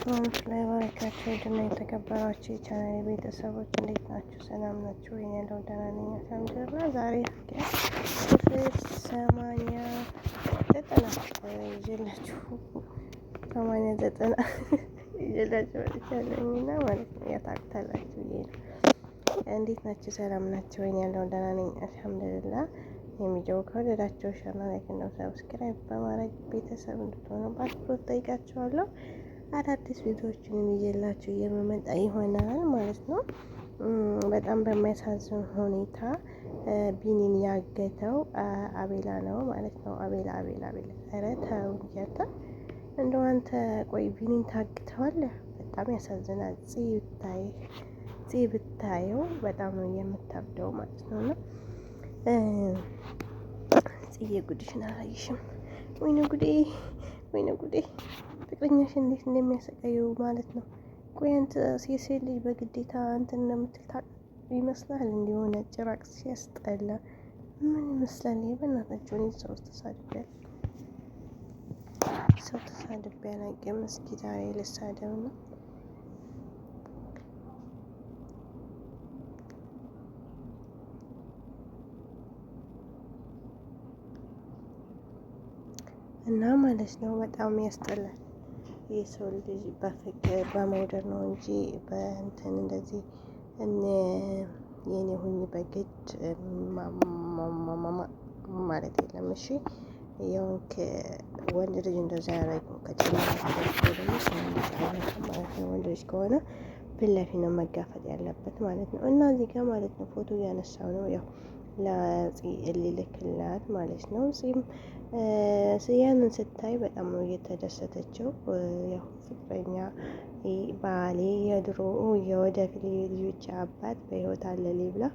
አሰላሙ አለይኩም ወበረካቱ ድና የተከበራችሁ የቻናል ቤተሰቦች እንዴት ናችሁ? ሰላም ናችሁ? ወይኔ ያለው ደህና ነኝ አልሐምዱሊላህ። ዛሬ ክፍል ሰማንያ ዘጠና ይዤላችሁ ሰማንያ ዘጠና ይዤላችሁ ማለት ነው ያታቅታላችሁ እንዴት ናችሁ? ሰላም ናችሁ? ወይኔ ያለው ደህና ነኝ አልሐምዱሊላህ። የሚጀው ላይክ ሰብስክራይብ በማድረግ ቤተሰብ እንድትሆኑ በአክብሮት አዳዲስ ቪዲዮዎችንም ይዤላችሁ የመመጣ ይሆናል ማለት ነው። በጣም በሚያሳዝን ሁኔታ ቢኒን ያገተው አቤላ ነው ማለት ነው። አቤላ አቤላ አቤላ፣ ኧረ ተው እንጂ አንተ እንደው አንተ ቆይ ቢኒን ታግተዋለህ። በጣም ያሳዝናል። ጽ ብታይ ጽ ብታየው በጣም ነው የምታብደው ማለት ነው። እና ጽዬ ጉድሽን አላየሽም? ወይነ ጉዴ፣ ወይነ ጉዴ ፍቅረኛሽ እንዴት እንደሚያሰቃየው ማለት ነው። ቆይ አንተ ሴት ልጅ በግዴታ እንትን እንደምትል ታውቅ ይመስላል። እንዲሆነ ጭራቅ ሲያስጠላ ምን ይመስላል። በእናታቸው እኔ ሰው ተሳድቤያል፣ ሰው ተሳድቤያል። አቅም እስኪ ዛሬ ልሳደብ ነው። እና ማለት ነው በጣም ያስጠላል። የሰው ልጅ በፍቅር በመውደድ ነው እንጂ በእንትን እንደዚህ የኔ ሁኝ በግድ ማለት የለም። እሺ ያው ወንድ ልጅ እንደዛ ያደረገው ማለት ወንድ ልጅ ከሆነ ፊት ለፊት ነው መጋፈጥ ያለበት ማለት ነው። እና እዚህ ጋር ማለት ነው ፎቶ እያነሳው ነው ያው ለፂ ሊልክላት ማለት ነው። ጺም ያንን ስታይ በጣም ነው እየተደሰተችው። ያው ፍቅረኛ ባሌ፣ የድሮ የወደፊት ልጆች አባት በህይወት አለሌ ብላ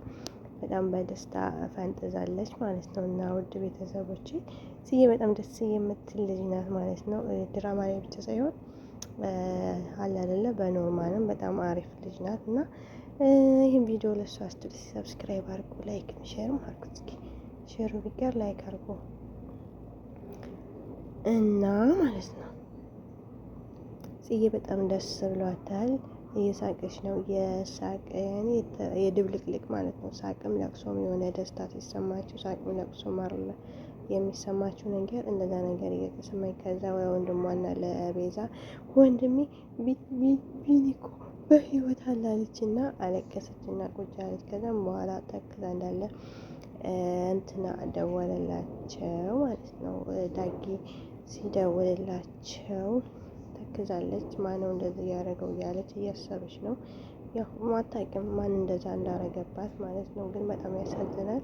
በጣም በደስታ ፈንጥዛለች ማለት ነው። እና ውድ ቤተሰቦች ጽዬ በጣም ደስ የምትል ልጅ ናት ማለት ነው። ድራማ ላይ ብቻ ሳይሆን አለ አይደለ፣ በኖርማልም በጣም አሪፍ ልጅ ናት እና ይህን ቪዲዮ ለሱ አስቱት ሰብስክራይብ አርጉ፣ ላይክ ሼር አድርጉት። እስኪ ሼሩ ቢቀር ላይክ አርጉ እና ማለት ነው። ጽዬ በጣም ደስ ብሏታል። እየሳቀች ነው። የሳቀ የድብልቅልቅ ማለት ነው። ሳቅም ለቅሶም የሆነ ደስታ ሲሰማችሁ፣ ሳቅም ለቅሶ አለ የሚሰማችሁ ነገር እንደዛ ነገር እየተሰማኝ ከዛ ወንድሟና ለቤዛ ወንድሜ ቢኒኮ በህይወት አላለች እና አለቀሰች እና ቁጭ አለች። ከዛም በኋላ ተክዛ እንዳለ እንትና ደወለላቸው ማለት ነው። ዳጊ ሲደወልላቸው ተክዛለች። ማነው እንደዚህ ያደረገው እያለች እያሰበች ነው። ያው ማታቅም ማን እንደዛ እንዳረገባት ማለት ነው። ግን በጣም ያሳዝናል።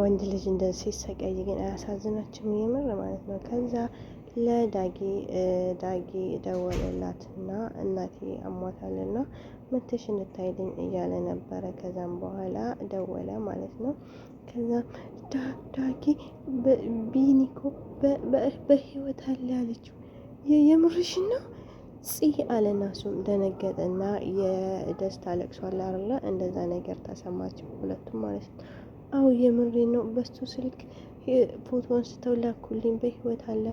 ወንድ ልጅ እንደዚህ ሲሰቃይ ግን አያሳዝናችሁም? የምር ማለት ነው። ከዛ ለዳጊ ዳጊ ደወለላትና እናቴ አሟታልና መተሽ እንታይልኝ እያለ ነበረ። ከዛም በኋላ ደወለ ማለት ነው። ከዛ ዳጊ ቢኒኮ በህይወት አለ አለችው። የምርሽ ነው ጽህ አለና እሱም ደነገጠና የደስታ ለቅሷል አለ። እንደዛ ነገር ተሰማቸው ሁለቱም ማለት ነው። አው የምሬ ነው። በሱ ስልክ ፎቶ አንስተው ላኩልኝ። በህይወት አለ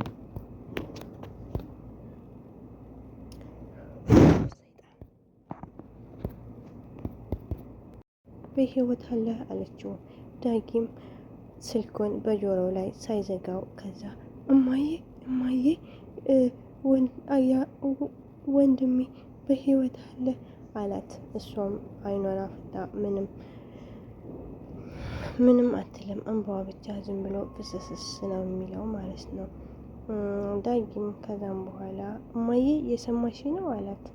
በህይወት አለ አለችው። ዳጊም ስልኩን በጆሮው ላይ ሳይዘጋው ከዛ እማዬ እማዬ ወንድሜ በህይወት አለ አላት። እሷም አይኗን አፍታ ምንም ምንም አትልም። እንባዋ ብቻ ዝም ብሎ ፍስስስ ነው የሚለው ማለት ነው። ዳጊም ከዛም በኋላ እማዬ የሰማሽ ነው አላት።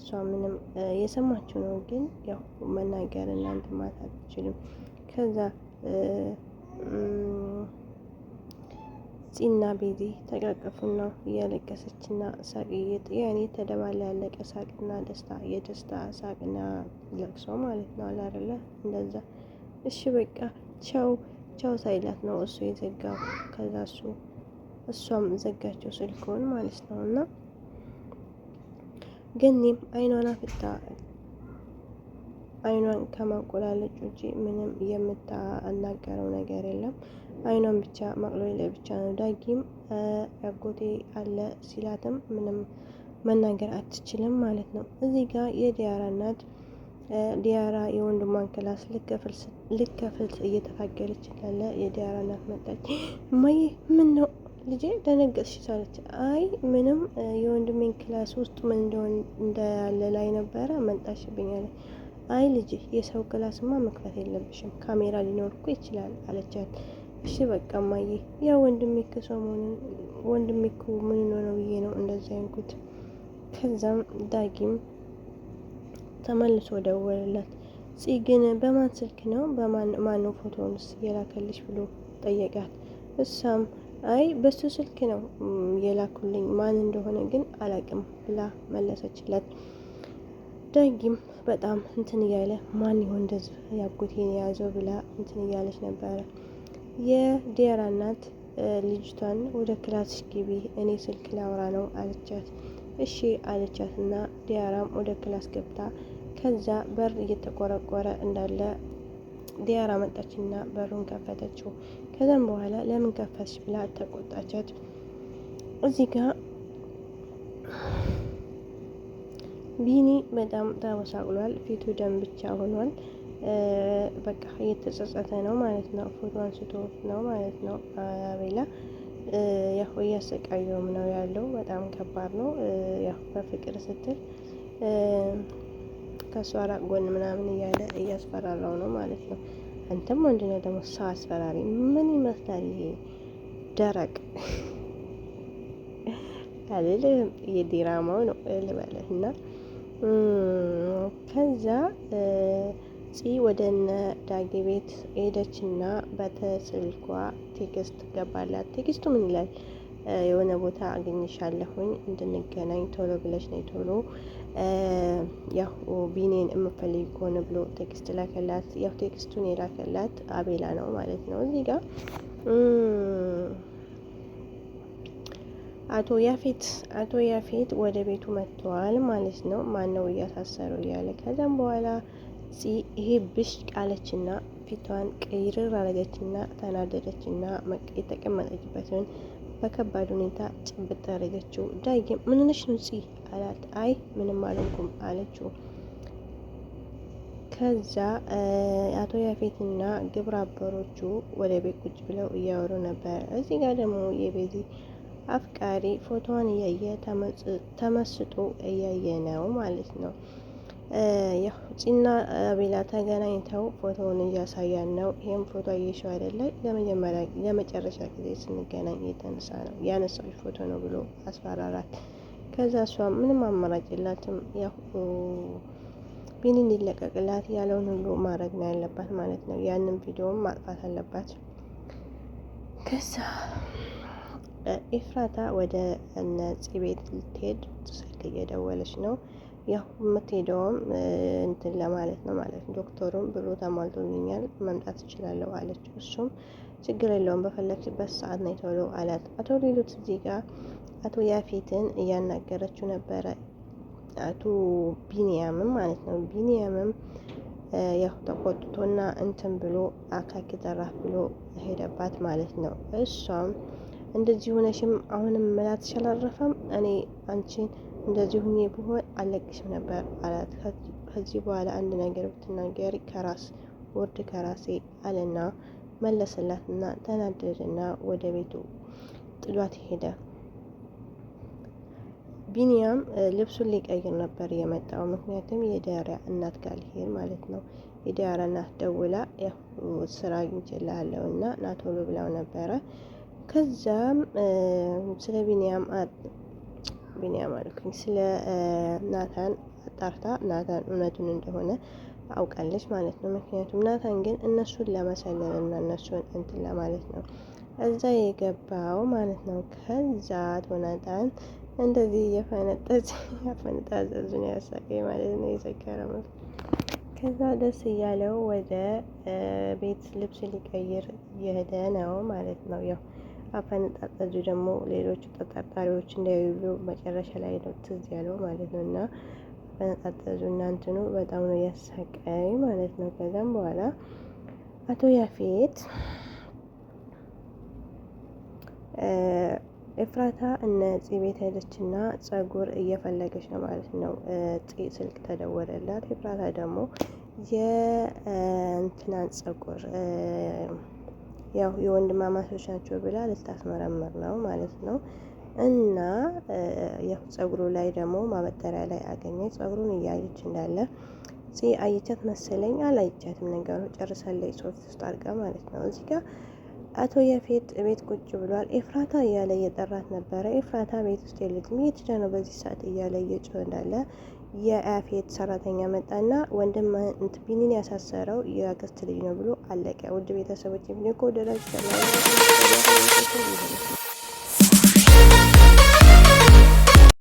እሷ ምንም የሰማችው ነው፣ ግን ያው መናገር እናንተ ማት አትችልም። ከዛ ፂና ቤዚ ተቃቀፉና እያለቀሰችና ሳቅ ያኔ ያለቀ ሳቅና ደስታ የደስታ ሳቅና ለቅሶ ማለት ነው አላረለ እንደዛ እሺ በቃ ቻው ቻው ሳይላት ነው እሱ የዘጋው። ከዛ እሱ እሷም ዘጋቸው ስልኮን ማለት ነው። እና ገኒም አይኗን አፍታ አይኗን ከማቆላለጭ ውጪ ምንም የምታናገረው ነገር የለም። አይኗን ብቻ ማቅለል ብቻ ነው። ዳጊም አጎቴ አለ ሲላትም ምንም መናገር አትችልም ማለት ነው። እዚህ ጋር የዲያራ እናት ዲያራ የወንድሟን ክላስ ልከፍል እየተፋገለች እንዳለ የዲያራ እናት መጣች። እማዬ ምን ነው ልጄ ደነገጥሽ? ሳለች አይ ምንም የወንድሜን ክላስ ውስጥ ምን እንደሆን እንዳለ ላይ ነበረ መጣሽብኝ አለ። አይ ልጄ የሰው ክላስማ መክፈት የለብሽም ካሜራ ሊኖር እኮ ይችላል አለቻት። እሺ በቃ እማዬ ያ ወንድሜ ከሰሞኑን ወንድሜ እኮ ምን ሆነ ብዬ ነው እንደዚያ ያልኩት። ከዛም ዳጊም ተመልሶ ደወለላት። ፂ ግን በማን ስልክ ነው በማነው ፎቶንስ የላከልሽ ብሎ ጠየቃት። እሷም አይ በሱ ስልክ ነው የላኩልኝ ማን እንደሆነ ግን አላቅም ብላ መለሰችለት። ዳጊም በጣም እንትን እያለ ማን ይሆን እንደዚህ ያጎቴን የያዘው ብላ እንትን እያለች ነበረ። የዴራ እናት ልጅቷን ወደ ክላስ ግቢ፣ እኔ ስልክ ላውራ ነው አለቻት። እሺ አለቻትና ዲያራም ወደ ክላስ ገብታ ከዛ በር እየተቆረቆረ እንዳለ ዲያራ መጣችና በሩን ከፈተችው። ከዛም በኋላ ለምን ከፈትሽ ብላ ተቆጣቻት። እዚህ ጋ ቢኒ በጣም ተበሳቅሏል። ፊቱ ደም ብቻ ሆኗል። በቃ እየተጸጸተ ነው ማለት ነው። ፎቶ አንስቶ ነው ማለት ነው አቤላ ያው እያሰቃየውም ነው ያለው። በጣም ከባድ ነው። ያው በፍቅር ስትል ከእሷ ራቅ ጎን ምናምን እያለ እያስፈራራው ነው ማለት ነው። አንተም ወንድ ነው ደግሞ ሰው አስፈራሪ ምን ይመስላል? ይሄ ደረቅ አልልም የዲራማው ነው ልበለት እና ከዛ ፂ ወደ እነ ዳጊ ቤት ሄደችና በተስልኳ ቴክስት ገባላት። ቴክስቱ ምን ይላል? የሆነ ቦታ አገኝሻለሁኝ እንድንገናኝ ቶሎ ብለሽ ነው ቶሎ ያው ቢኔን የምፈልግ ከሆነ ብሎ ቴክስት ላከላት። ያው ቴክስቱን የላከላት አቤላ ነው ማለት ነው። እዚህ ጋር አቶ ያፌት አቶ ያፌት ወደ ቤቱ መጥተዋል ማለት ነው። ማን ነው እያሳሰረው እያለ ከዛም በኋላ ይሄ ብሽ ቃለችና ፊቷን ቅይርር አረገችና ተናደደችና የተቀመጠችበትን በከባድ ሁኔታ ጭብጥ አረገችው። ዳግም ምንነሽ ሆነሽ ነው አላት። አይ ምንም አልሆንኩም አለችው። ከዛ አቶ ያፌትና ግብረ አበሮቹ ወደ ቤት ቁጭ ብለው እያወሩ ነበር። እዚህ ጋር ደግሞ የቤዚ አፍቃሪ ፎቶዋን እያየ ተመስጦ እያየ ነው ማለት ነው። ያው አቤላ ተገናኝተው ፎቶውን እያሳያን ነው። ይህም ፎቶ አየሽው አይደለ? ለመጀመሪያ ለመጨረሻ ጊዜ ስንገናኝ የተነሳ ነው ያነሳች ፎቶ ነው ብሎ አስፈራራት። ከዛ እሷ ምንም አማራጭ የላትም ያው ቢኒ እንዲለቀቅላት ያለውን ሁሉ ማድረግ ነው ያለባት ማለት ነው። ያንን ቪዲዮም ማጥፋት አለባት። ከዛ ኤፍራታ ወደ እነ ጺ ቤት ልትሄድ ስልክ እየደወለች ነው ያው የምትሄደውም እንትን ለማለት ነው ማለት ነው። ዶክተሩም ብሩ ተሟልቶልኛል መምጣት እችላለሁ አለች። እሱም ችግር የለውም በፈለግሽበት ሰዓት ነው የተወለው አላት። አቶ ሌሎት እዚህ ጋር አቶ ያፌትን እያናገረችው ነበረ። አቶ ቢንያምም ማለት ነው ቢንያምም ያው ተቆጥቶና እንትን ብሎ አካኪ ጠራፍ ብሎ ሄደባት ማለት ነው። እሷም እንደዚህ ሆነሽም አሁንም መላት ሸላረፈም እኔ አንቺን እንደዚህ ሁኜ ብሆን አለቅስም ነበር አላት። ከዚህ በኋላ አንድ ነገር ብትናገር ከራስ ወርድ ከራሴ አለና መለሰላትና ተናደደና ወደ ቤቱ ጥሏት ሄደ። ቢንያም ልብሱን ሊቀይር ነበር የመጣው። ምክንያቱም የዳሪያ እናት ጋር ሊሄድ ማለት ነው። የዳሪያ እናት ደውላ ስራ አግኝቼልሃለሁ እና ናቶሎ ብላው ነበረ። ከዛም ስለ ቢንያም ቢንያም አልኩኝ። ስለ ናታን አጣርታ ናታን እውነቱን እንደሆነ አውቃለች ማለት ነው። ምክንያቱም ናታን ግን እነሱን ለመሰለል እና እነሱን እንትን ለማለት ነው እዛ የገባው ማለት ነው። ከዛ ናታን እንደዚህ እየፈነጠዝ ያፈነጣዘዙን ያሳቀኝ ማለት ነው። የዘገረመ ከዛ ደስ እያለው ወደ ቤት ልብስ ሊቀይር እየሄደ ነው ማለት ነው ያው አፈነጣጠጁ ደግሞ ሌሎቹ ተጠርጣሪዎች እንዳይሉ መጨረሻ ላይ ነው ትዝ ያለው ማለት ነው። እና አፈነጣጠጁ እናንትኑ በጣም ነው ያሳቀኝ ማለት ነው። ከዛም በኋላ አቶ ያፌት ኤፍራታ እነ ፂ ቤት ሄደች እና ጸጉር እየፈለገች ነው ማለት ነው። ፂ ስልክ ተደወለላት። ኤፍራታ ደግሞ የእንትናን ጸጉር ያው የወንድማማቾች ናቸው ብላ ልታስመረምር ነው ማለት ነው። እና ያው ጸጉሩ ላይ ደግሞ ማበጠሪያ ላይ አገኘች። ጸጉሩን እያየች እንዳለ እዚ አይቻት መሰለኝ አላይቻትም ነገሩ ጨርሳለች። ሶፍት ውስጥ አድርጋ ማለት ነው። እዚህ ጋር አቶ የፌት ቤት ቁጭ ብሏል። ኤፍራታ እያለ እየጠራት ነበረ። ኤፍራታ ቤት ውስጥ የለችም። የት ሄዳ ነው በዚህ ሰዓት እያለ እየጮህ እንዳለ የአፌት ሰራተኛ መጣና ወንድም ቢኒን ያሳሰረው የአገስት ልጅ ነው ብሎ አለቀ። ውድ ቤተሰቦች የሚኮ ደረጃ